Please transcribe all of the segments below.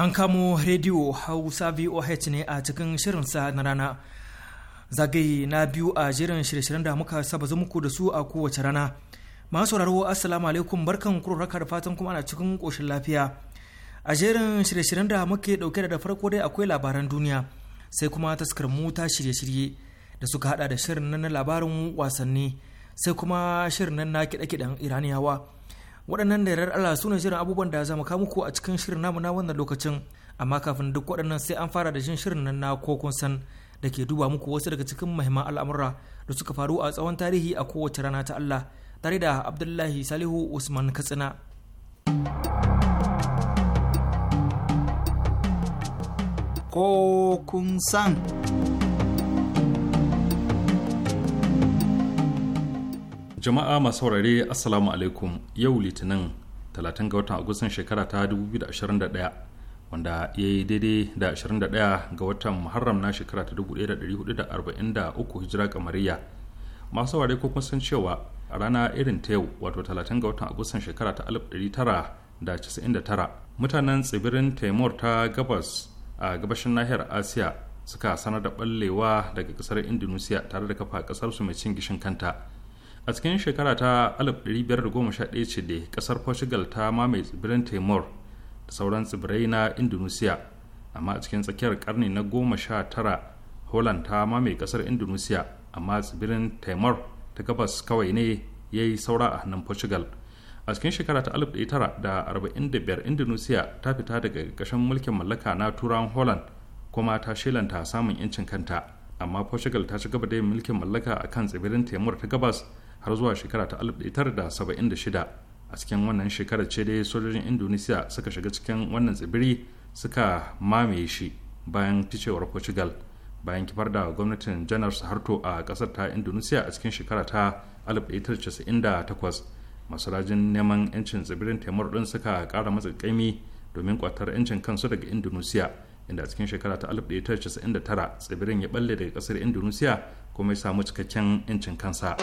An kamo rediyo Hausa VOH ne a cikin shirinsa na rana. Zagaye na biyu a jirin shirye-shiryen da muka saba ku da su a kowace rana. Masu sauraro Assalamu alaikum barkan raka da fatan kuma ana cikin ƙoshin lafiya. A jerin shirye-shiryen da muke ɗauke da farko dai akwai labaran duniya sai kuma taskar mu shirye-shirye da suka hada da shirin nan na labarin wasanni sai kuma shirin nan na kiɗe-kiɗen Iraniyawa. waɗannan da yarar Allah sune shirin abubuwan da za mu kawo muku a cikin shirin namu na wannan lokacin amma kafin duk waɗannan sai an fara da shin shirin nan na kun san da ke duba muku wasu daga cikin muhimman al'amura da suka faru a tsawon tarihi a kowace rana ta Allah tare da Abdullahi Salihu Usman Katsina. Kokun san. jama'a masu saurare assalamu alaikum yau litinin 30 ga watan agustan shekara ta 2021 wanda ya yi daidai da 21 ga watan muharram na shekara ta 1443 hijira kamariya masu saurare ko kun san cewa a rana irin ta yau wato 30 ga watan agustan shekara ta 1999 mutanen tsibirin taimur ta gabas a gabashin nahiyar asiya suka sanar da ballewa daga kasar indonesia tare da kafa su mai cin gishin kanta a cikin shekara ta 1511 ce da kasar portugal ta mamaye tsibirin timor da sauran tsibirai na indonesia amma a cikin tsakiyar karni na 19 holland ta mamaye kasar indonesia amma tsibirin timor ta gabas kawai ne ya yi saura a hannun portugal a cikin shekara ta 1945 indonesia ta fita daga ƙarƙashin mulkin mallaka na turan holland kuma ta shilanta samun 'yancin kanta amma portugal ta ci gaba da yin mulkin mallaka a kan tsibirin timor ta gabas har zuwa shekara ta 1976 a cikin wannan shekarar ce dai sojojin indonesiya suka shiga cikin wannan tsibiri suka mamaye shi bayan ficewar portugal bayan kifar da gwamnatin janar harto a kasar ta indonesiya a cikin shekara ta 1998 masu rajin neman 'yancin tsibirin taimur din suka kara matsa kaimi domin kwatar 'yancin kansu daga indonesiya inda a cikin shekara ta 1999 tsibirin ya balle daga kasar indonesiya kuma ya samu cikakken 'yancin kansa.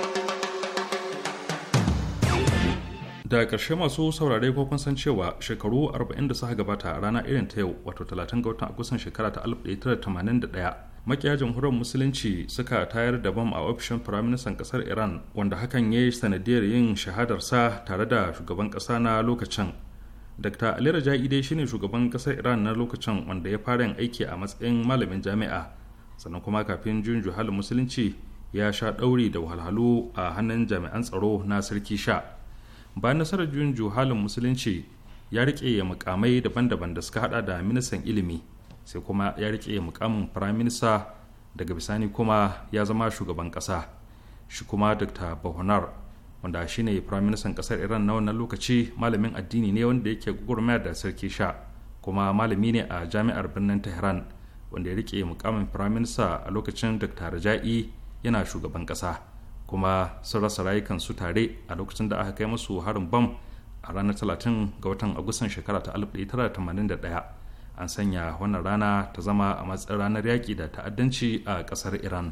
da ƙarshe masu saurare ko kun san cewa shekaru 40 da suka gabata rana irin ta yau wato 30 ga watan agusan shekara ta 1981 makiya jamhuriyar musulunci suka tayar da bam a ofishin firaministan ƙasar iran wanda hakan ya yi sanadiyar yin shahadarsa tare da shugaban ƙasa na lokacin dr ali raja'i dai shine shugaban ƙasar iran na lokacin wanda ya fara yin aiki a matsayin malamin jami'a sannan kuma kafin juyin juhal musulunci ya sha ɗauri da wahalhalu a hannun jami'an tsaro na sarki sha ba nasarar juyin juhalin musulunci ya rike mukamai daban-daban da suka hada da ministan ilimi sai kuma ya rike mukamin firaminista daga bisani kuma ya zama shugaban kasa shi kuma dr bahonar wanda shine firaministan kasar iran na wannan lokaci malamin addini ne wanda yake gugurmaya da sarki sha kuma malami ne a jami'ar birnin tehran wanda ya rike mukamin firaminista a lokacin dr raja'i yana shugaban kasa kuma sun rasa rayukansu tare a lokacin da aka kai musu harin bam a ranar 30 ga watan agustan shekara ta 1981 an sanya wannan rana ta zama a matsayin ranar yaƙi da ta'addanci a ƙasar iran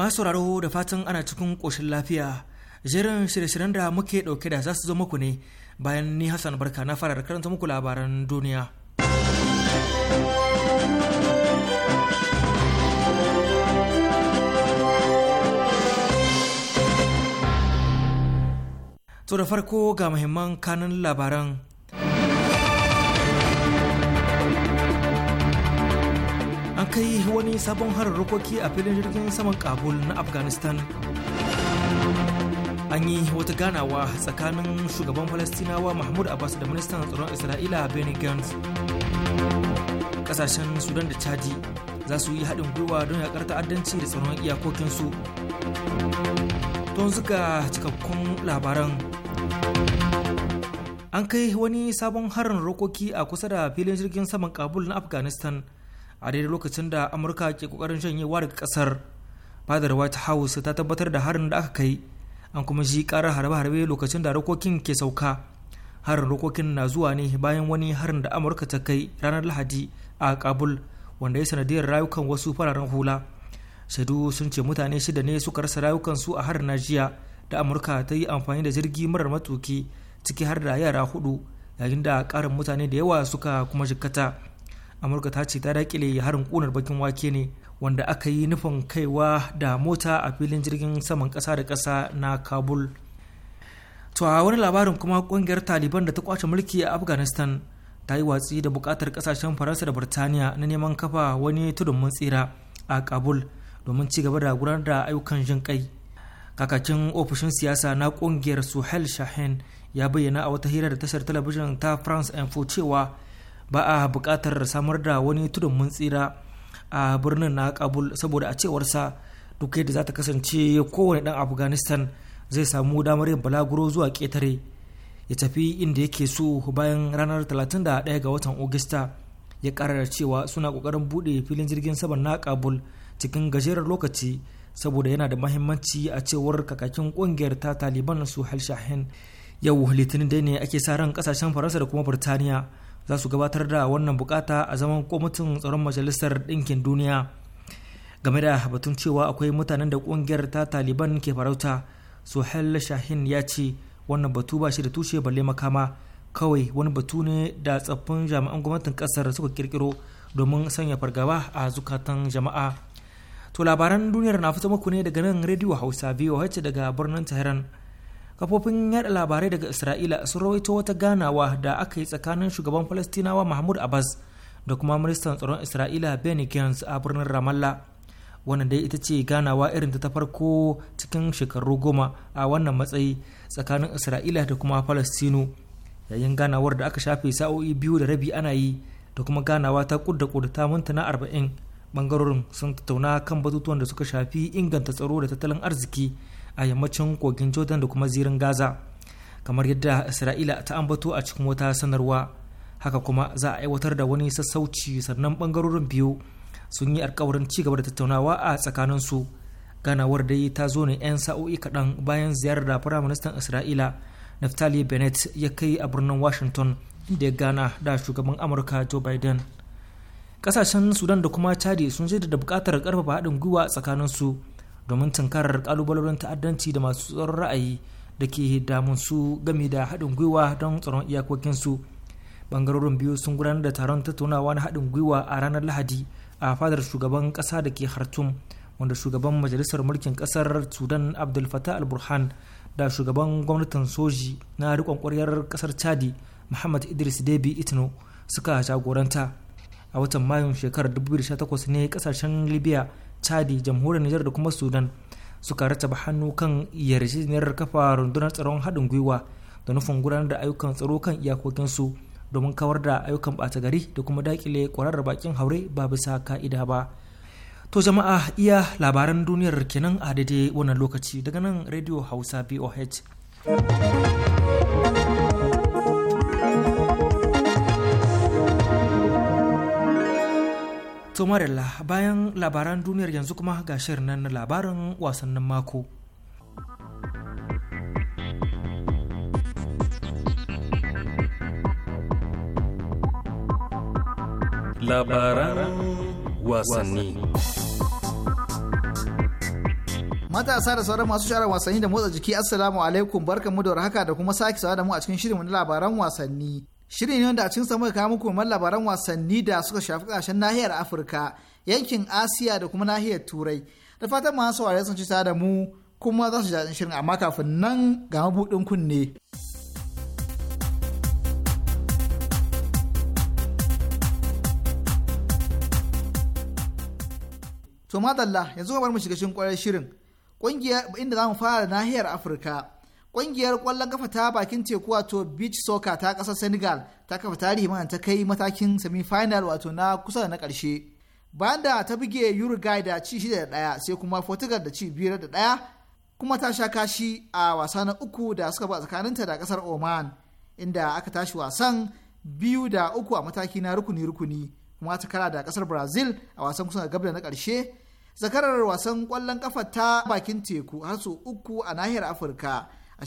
masu sauraro da fatan ana cikin ƙoshin lafiya jerin shirye-shiryen da muke ɗauke da za su zo muku ne bayan ni hassan barka na fara da karanta muku labaran duniya to da farko ga muhimman kanun labaran kai wani sabon hararrukoki a filin jirgin saman kabul na afghanistan an yi wata ganawa tsakanin shugaban falastinawa mahmud abbas da ministan tsaron isra'ila benny gantz kasashen sudan da chadi za su yi haɗin gwiwa don yaƙar ta'addanci da tsaron iyakokinsu don zuga cikakkun labaran an kai wani sabon harin rokoki a kusa da filin jirgin saman kabul na afghanistan a daidai lokacin da amurka ke kokarin shanyewa daga kasar fadar white house ta tabbatar da harin da aka kai an kuma ji karar harbe-harbe lokacin da rokokin ke sauka harin rokokin na zuwa ne bayan wani harin da amurka ta kai ranar lahadi a kabul wanda ya sanadiyar rayukan wasu fararen hula shaidu sun ce mutane shida ne suka rasa rayukansu a harin najiya da amurka ta yi amfani da jirgi marar matuki ciki har da yara hudu yayin da karin mutane da yawa suka kuma jikkata amurka ta ce ta dakile harin kunar bakin wake ne wanda aka yi nufin kaiwa da mota a filin jirgin saman kasa da kasa na kabul to a wani labarin kuma kungiyar taliban da ta kwace mulki a afghanistan ta yi watsi da bukatar kasashen faransa da birtaniya na neman kafa wani tudun mun tsira a kabul domin ci gaba da gudanar da ayyukan jin kai kakakin ofishin siyasa na kungiyar suhel shahin ya bayyana a wata hira da tashar talabijin ta france info cewa ba a buƙatar samar da wani tudun mun tsira a birnin na kabul saboda a cewarsa duk yadda za ta kasance kowane dan afghanistan zai samu damar yin balaguro zuwa ketare. ya tafi inda yake so bayan ranar 31 ga watan Agusta ya karar cewa suna kokarin bude filin jirgin saman na Kabul cikin gajerar lokaci saboda yana da mahimmanci a cewar kakakin kungiyar ta Taliban su Shahin yau litinin dai ne ake sa ran kasashen Faransa da kuma birtaniya. za su gabatar da wannan bukata a zaman kwamitin tsaron majalisar ɗinkin duniya game da batun cewa akwai mutanen da ƙungiyar ta taliban ke farauta suhail shahin ya ce wannan batu ba shi da tushe balle makama kawai wani batu ne da tsaffin jami'an gwamnatin kasar suka kirkiro domin sanya fargaba a zukatan jama'a to labaran duniyar na fito muku ne daga nan rediyo hausa voh daga birnin tehran kafofin yada labarai daga isra'ila sun rawaito wata ganawa da aka yi tsakanin shugaban falastinawa mahmud abbas da kuma ministan tsaron isra'ila benny gantz a birnin ramallah wannan dai ita ce ganawa irin ta farko cikin shekaru goma a wannan matsayi tsakanin isra'ila da kuma falastinu yayin ganawar da aka shafe sa'o'i biyu da rabi ana yi da kuma ganawa ta kudda ta mintuna arba'in bangarorin sun tattauna kan batutuwan da suka shafi inganta tsaro da tattalin arziki a yammacin kogin jordan da kuma zirin gaza kamar yadda isra'ila ta ambato a cikin wata sanarwa haka kuma za a aiwatar da wani sassauci sannan bangarorin biyu sun yi alkawarin ci gaba da tattaunawa a tsakaninsu ganawar dai ta zo ne 'yan sa'o'i kaɗan bayan ziyarar da firaministan isra'ila naftali bennett ya kai a birnin washington da ya gana da shugaban amurka joe biden kasashen sudan da kuma chadi sun shaida da bukatar karfafa haɗin gwiwa tsakaninsu domin tunkarar kalubalolin ta'addanci da masu tsaron ra'ayi da ke damun su game da haɗin gwiwa don tsaron iyakokinsu bangarorin biyu sun gudanar da taron tattaunawa na haɗin gwiwa a ranar lahadi a fadar shugaban ƙasa da ke hartum wanda shugaban majalisar mulkin ƙasar sudan abdul fatah al-burhan da shugaban gwamnatin soji na riƙon ƙwaryar ƙasar chadi muhammad idris debi itno suka jagoranta a watan mayun shekarar 2018 ne kasashen libya chadi jamhuriyar nijar da kuma sudan suka rataba hannu kan yarjejeniyar kafa rundunar tsaron haɗin gwiwa da nufin gudanar da ayyukan tsaro kan iyakokinsu domin kawar da ayyukan ɓata gari da kuma daƙile kwararar bakin haure ba bisa ka'ida ba to jama'a iya labaran duniyar kenan a daidai wannan lokaci daga nan radio hausa boh To Marilla bayan labaran duniyar yanzu kuma ga shirin nan labarin wasannin mako. Labaran wasanni. Matasa da sauran masu shara wasanni da motsa jiki Assalamu alaikum barkanmu da haka da kuma sake sawa da mu a cikin shirin labaran wasanni. Shirin ne wanda a cikin samu kawo muku mai labaran wasanni da suka shafi kasashen nahiyar Afirka, yankin Asiya da kuma nahiyar Turai. Da fatan masu saurare sun ci tare da mu kuma za su jaɗin shirin amma kafin nan ga mabuɗin kunne. To madalla yanzu bar mu shiga cikin kwarar shirin. ƙungiyar inda za mu fara nahiyar Afirka. Ƙungiyar ƙwallon kafa ta bakin teku wato beach soccer ta kasar Senegal ta kafa tarihi mana ta kai matakin semi-final wato na kusa da na ƙarshe. Bayan da ta buge Uruguay da ci shida da ɗaya sai kuma Portugal da ci biyar da ɗaya kuma ta sha kashi a wasa na uku da suka ba tsakaninta da kasar Oman inda aka tashi wasan biyu da uku a mataki na rukuni-rukuni kuma ta kara da kasar Brazil a wasan kusa da gabda na karshe. Zakarar wasan ƙwallon kafa ta bakin teku har su uku a nahiyar Afirka. a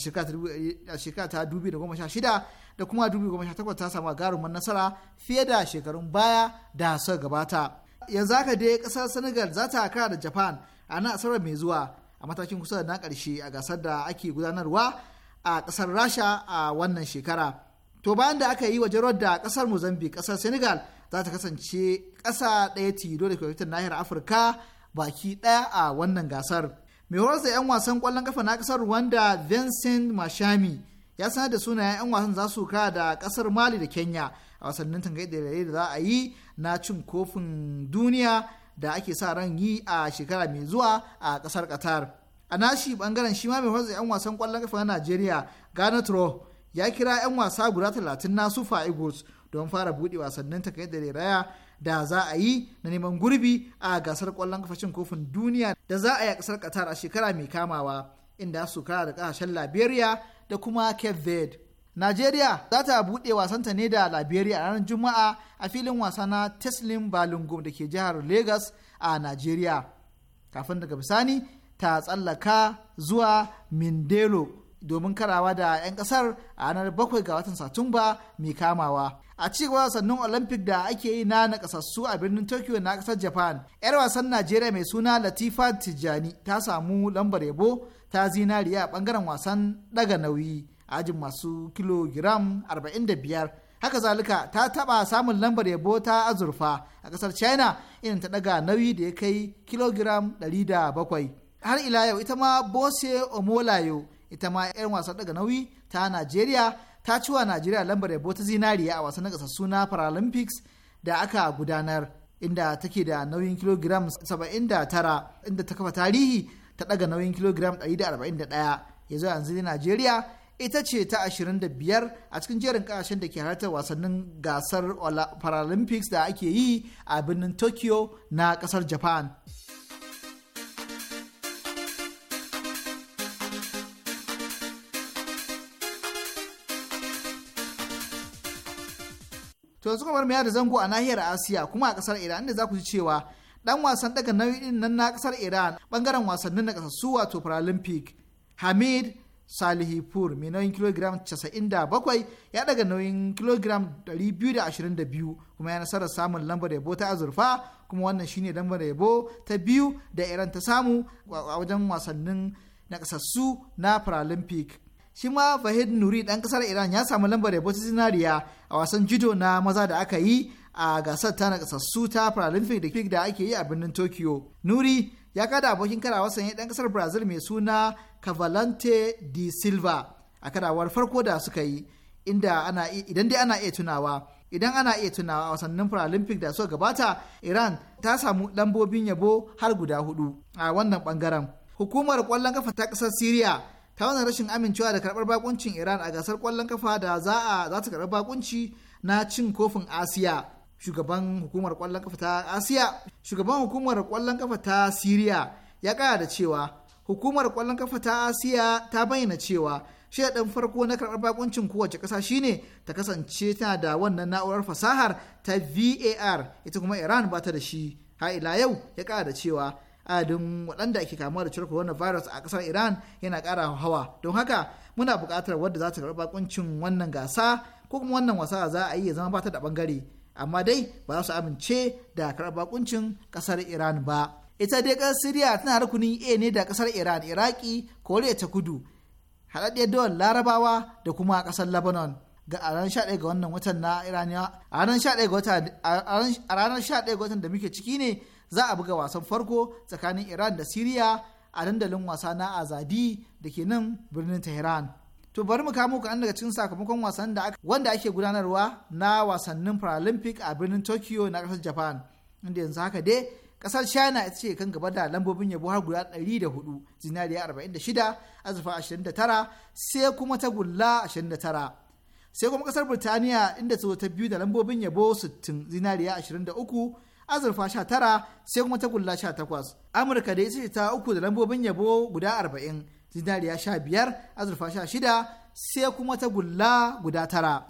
shekara ta dubi da kuma dubi goma sha takwas ta samu gagarumar nasara fiye da shekarun baya da suka gabata yanzu haka dai kasar senegal za ta kara da japan a nan asarar mai zuwa a matakin kusa da na karshe a gasar da ake gudanarwa a kasar rasha a wannan shekara to bayan da aka yi wa jarar da kasar mozambique kasar senegal za ta kasance kasa ɗaya tilo da kwamitin nahiyar afirka baki ɗaya a wannan gasar mai horar 'yan wasan kwallon kafa na kasar rwanda vincent mashami ya sanar da sunayen 'yan wasan za su kara da kasar mali da kenya a wasannin tangaye da da za a yi na cin kofin duniya da ake sa ran yi a shekara mai zuwa a kasar qatar a nashi bangaren shi ma mai horar da 'yan wasan kwallon kafa na nigeria ghana tro ya kira 'yan wasa guda 30 na sufa eagles don fara buɗe wasannin tangaye da raya da za a yi na neman gurbi a gasar kwallon kafashin kofin duniya da za a yi a kasar qatar a shekara mai kamawa inda su kara da kasashen liberia da kuma cape verde Najeriya za ta buɗe wasanta ne da Liberia a ranar Juma'a a filin wasa na Teslim Balungum da ke jihar Legas a Najeriya. Kafin daga bisani ta tsallaka zuwa Mindelo domin karawa da 'yan kasar a ranar bakwai ga watan satumba mai kamawa a cikin wasannin olympic da ake yi na nakasassu a birnin tokyo na kasar japan 'yar wasan najeriya mai suna latifa tijjani ta samu lambar yabo ta zinariya a bangaren wasan daga nauyi ajin masu kilogiram 45 haka zalika ta taba samun lambar yabo ta azurfa a kasar china inda ta daga nauyi da ya kai kilogiram 700 har ila yau ita ma bose omolayo ita ma 'yan wasan daga nauyi ta najeriya ta ciwa najeriya lambar yabo ta zinariya a wasan kasassu suna paralympics da aka gudanar inda take da nauyin kilogiram 79 inda ta kafa tarihi ta daga nauyin kilogiram 141 yanzu yanzu najeriya ita ce ta 25 a cikin jerin kasashen da ke halartar wasannin gasar paralympics da ake yi a birnin tokyo na kasar japan to yanzu kamar mai da zango a nahiyar asiya kuma a kasar iran inda za ku ji cewa dan wasan daga nau'in nan na kasar iran bangaren wasannin na kasassu wato paralympic hamid salihipur mai nauyin kilogiram 97 ya daga nauyin kilogiram 222 kuma ya nasarar samun lambar yabo ta azurfa kuma wannan shine lambar yabo ta biyu da iran ta samu a wajen wasannin na kasassu na paralympic shi ma Vahid Nuri dan kasar Iran ya samu lambar yabo ta zinariya a wasan judo na maza da aka yi a gasar ta nakasassu ta Paralympic da da ake yi a birnin Tokyo. Nuri ya kada abokin karawarsa ne dan kasar Brazil mai suna Cavalante de Silva a karawar farko da suka yi inda ana idan dai ana iya tunawa idan ana iya tunawa a wasannin Paralympic da suka gabata Iran ta samu lambobin yabo har guda hudu a wannan bangaren. Hukumar kwallon kafa ta kasar Siriya ta wannan rashin amincewa da karɓar bakuncin iran a gasar ƙwallon kafa da za a za ta karɓar bakunci na cin kofin asiya shugaban hukumar ƙwallon kafa ta asiya shugaban hukumar ƙwallon kafa ta siriya ya ƙara da cewa hukumar ƙwallon kafa ta asiya ta bayyana cewa shaidan farko na karɓar bakuncin kowace ƙasa shine ta kasance tana da wannan na'urar fasahar ta var ita kuma iran ba ta da shi ha ila yau ya ƙara da cewa adadin waɗanda ake kamuwa da cutar virus a ƙasar iran yana ƙara hawa don haka muna buƙatar wadda za ta karɓi bakuncin wannan gasa ko kuma wannan wasa za a yi ya zama fata da ɓangare amma dai ba za su amince da karɓa bakuncin ƙasar iran ba ita dai ƙasar siriya tana rukunin a ne da ƙasar iran iraki koriya ta kudu haɗaɗɗiyar dawar larabawa da kuma ƙasar lebanon ga a ranar 11 ga wannan watan na iraniya a ranar 11 ga watan da muke ciki ne za a buga wasan farko tsakanin iran da siriya a dandalin wasa na azadi da ke nan birnin tehran to bari mu kamo kaɗan daga cikin sakamakon wasan da aka wanda ake gudanarwa na wasannin paralympic a birnin tokyo na kasar japan inda yanzu haka dai kasar china ita ce kan gaba da lambobin yabo har guda 104 zinariya 46 azurfa 29 sai kuma ta gulla 29 sai kuma kasar Birtaniya inda ta zo ta biyu da lambobin yabo 60 zinariya 23 azurfa 19 sai kuma tagulla 18 amurka da ita ce ta uku da lambobin yabo guda 40 zinariya 15 azurfa 16 sai kuma tagulla guda tara.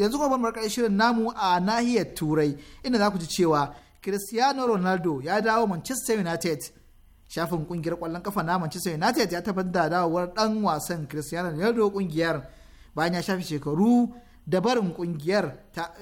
yanzu kuma bar shirin namu a nahiyar turai inda za ku ji cewa cristiano ronaldo ya dawo manchester united shafin kungiyar kwallon kafa na Manchester United ya tabbatar da dawowar dan wasan Cristiano Ronaldo kungiyar bayan ya shafe shekaru da barin kungiyar ta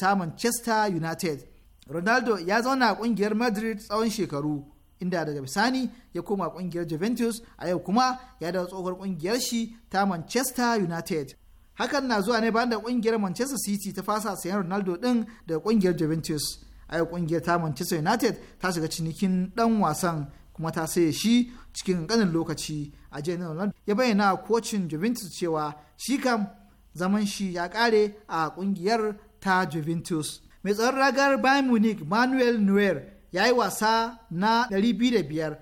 da Manchester United. Ronaldo ya zauna a kungiyar Madrid tsawon shekaru inda daga bisani ya koma kungiyar Juventus a yau kuma ya dawo tsohuwar kungiyar shi ta Manchester United. Hakan na zuwa ne bayan da kungiyar Manchester City ta fasa sayan Ronaldo din daga kungiyar Juventus. A yau kungiyar ta Manchester United ta shiga cinikin dan wasan kuma ta saye shi cikin ƙanin lokaci a janar ya bayyana kocin juventus cewa shi kam zaman shi ya ƙare a ƙungiyar ta juventus mai tsaron ragar bayern munich manuel neuer ya yi wasa na 205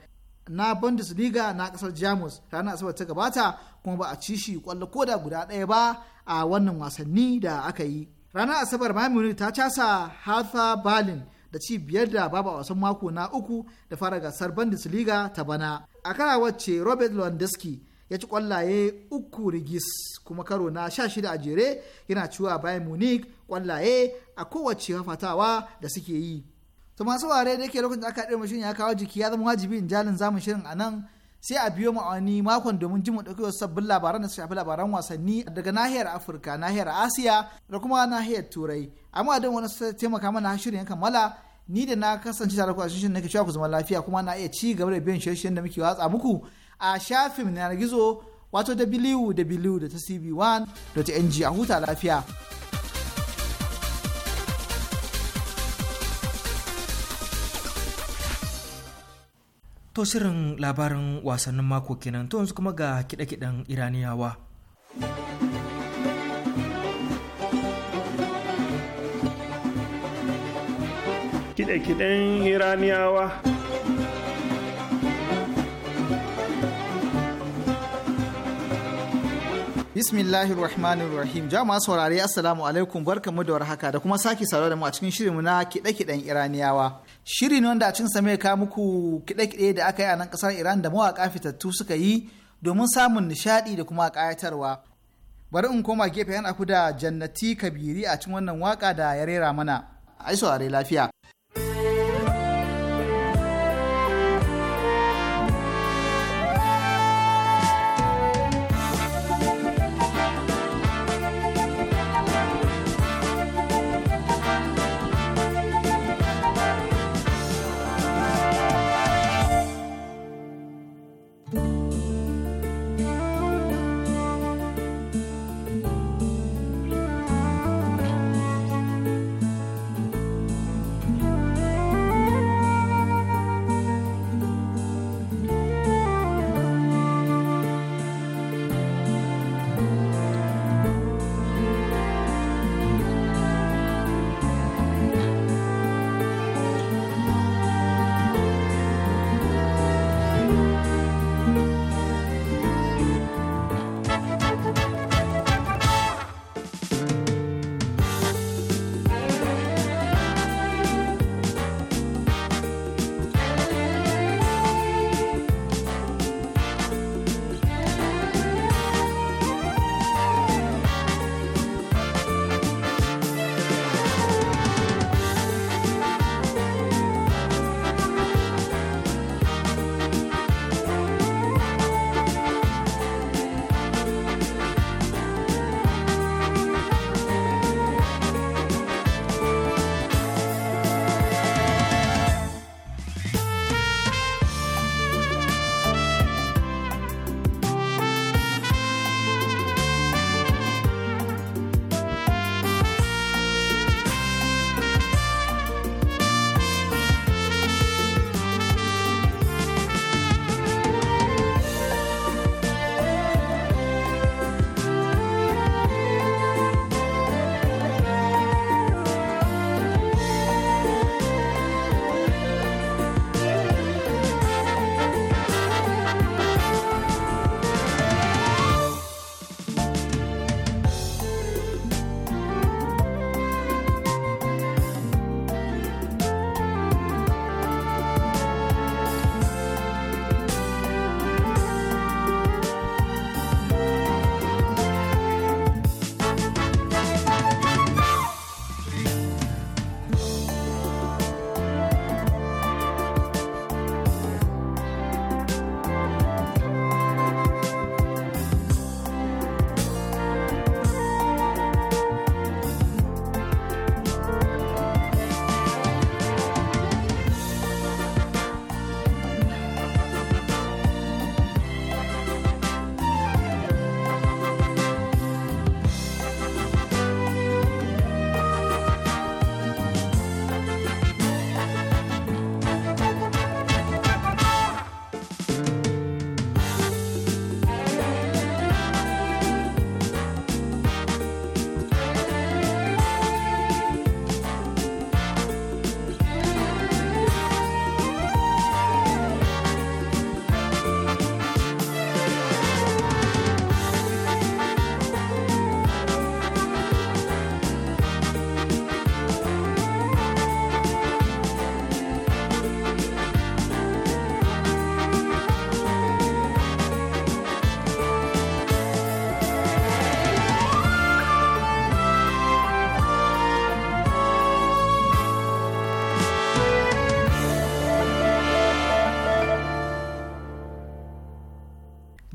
na bundesliga na ƙasar jamus ranar asabar ta gabata kuma ba a ci shi kwallo ko da guda ɗaya ba a wannan wasanni da aka yi ranar asabar bayern munich ta casa hartha berlin da ci biyar da babu a wasan mako na uku da fara gasar Bundesliga ta bana. A kara wacce Robert Lewandowski ya ci kwallaye uku rigis kuma karo na sha shida a jere yana ciwa bayan Munich kwallaye a kowace hafatawa da suke yi. To masu ware da ke lokacin da aka ɗaya mashin ya kawo jiki ya zama wajibi in jalin zamu shirin a nan sai a biyo mu makon domin jin mu ɗauki wasu sabbin labaran da su shafi labaran wasanni daga nahiyar afirka nahiyar asiya da kuma nahiyar turai amma don wani su taimaka mana shirin kammala ni da na kasance tare ku a shirin nake cewa ku zama lafiya kuma na iya ci gaba da biyan shirye da muke watsa muku a shafin na gizo wato www.tcb1.ng a huta lafiya. To shirin labarin wasannin mako kenan to yanzu kuma ga kiɗe-kiɗen Iraniyawa. Kiɗe-kiɗen Iraniyawa. Bismillahir Rahmanir Rahim. Jama'a saurari Assalamu alaikum barkamu da warhaka da kuma sake saro da mu a cikin shirinmu na kiɗe-kiɗen Iraniyawa. Shirin wanda a cikin mai ka muku kiɗe-kiɗe da aka yi a nan kasar Iran da mawaka fitattu suka yi domin samun nishaɗi da kuma kayatarwa. Bari in koma gefe yana ku da Jannati Kabiri a cikin wannan waka da ya rera mana. Ai saurare lafiya.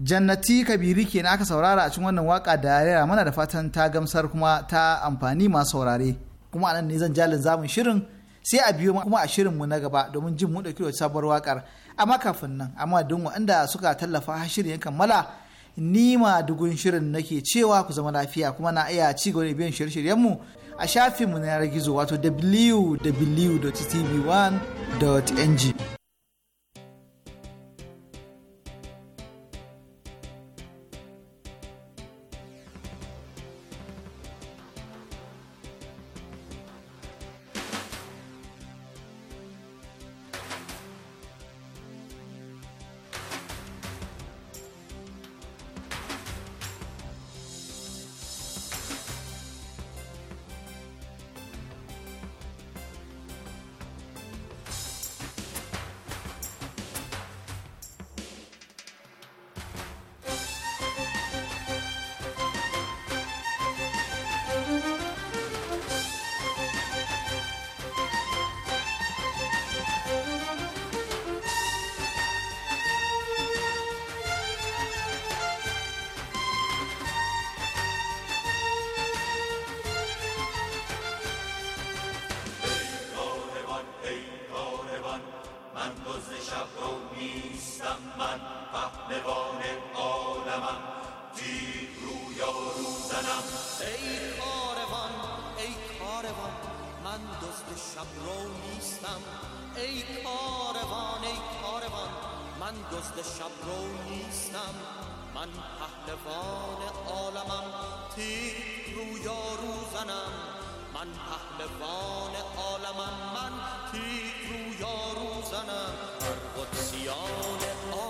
jannati kabiri kenan aka saurara a cikin wannan waka da yara mana da fatan ta gamsar kuma ta amfani masu saurare kuma anan ne zan jalin zamun shirin sai a biyo kuma a shirin mu na gaba domin jin mu dauki wata sabuwar wakar amma kafin nan amma don waɗanda suka tallafa har shirin ya kammala ni ma dugun shirin nake cewa ku zama lafiya kuma na iya ci gaba da biyan shirye-shiryen mu a shafin mu na gizo wato www.tv1.ng رو نیستم ای کاروان ای کاروان من دزد رو نیستم من پهلوان عالمم تی رو یارو زنم من پهلوان عالمم من تی رو یارو زنم هر قدسیان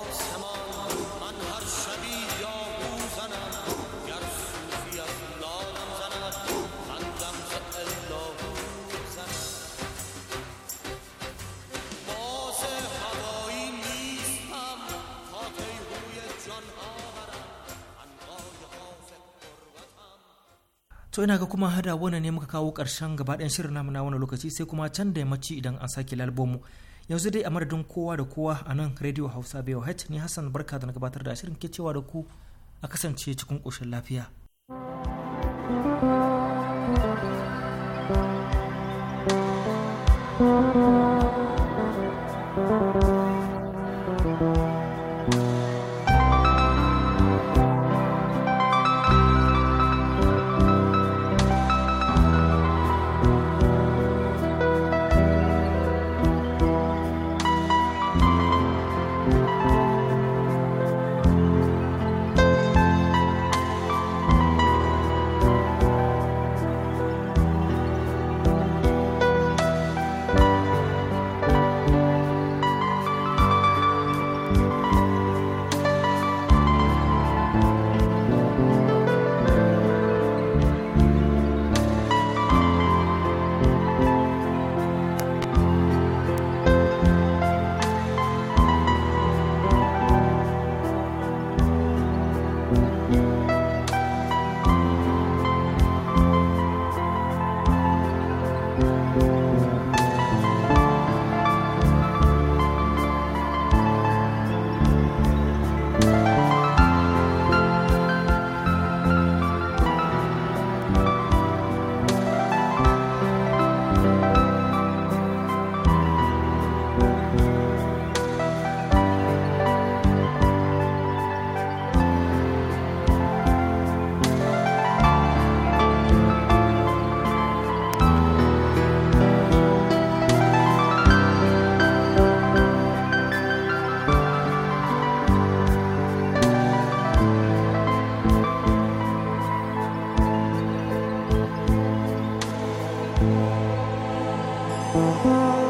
آسمان من هر شبی to ina ga kuma hada wannan ne muka kawo karshen ɗayan shirin namu wani lokaci sai kuma can da yammaci idan an sake lalbomu yanzu dai a madadin kowa da kowa a nan radio hausa boh ni hassan barka da na gabatar da shirin ke cewa da ku a kasance cikin koshin lafiya thank you Thank you.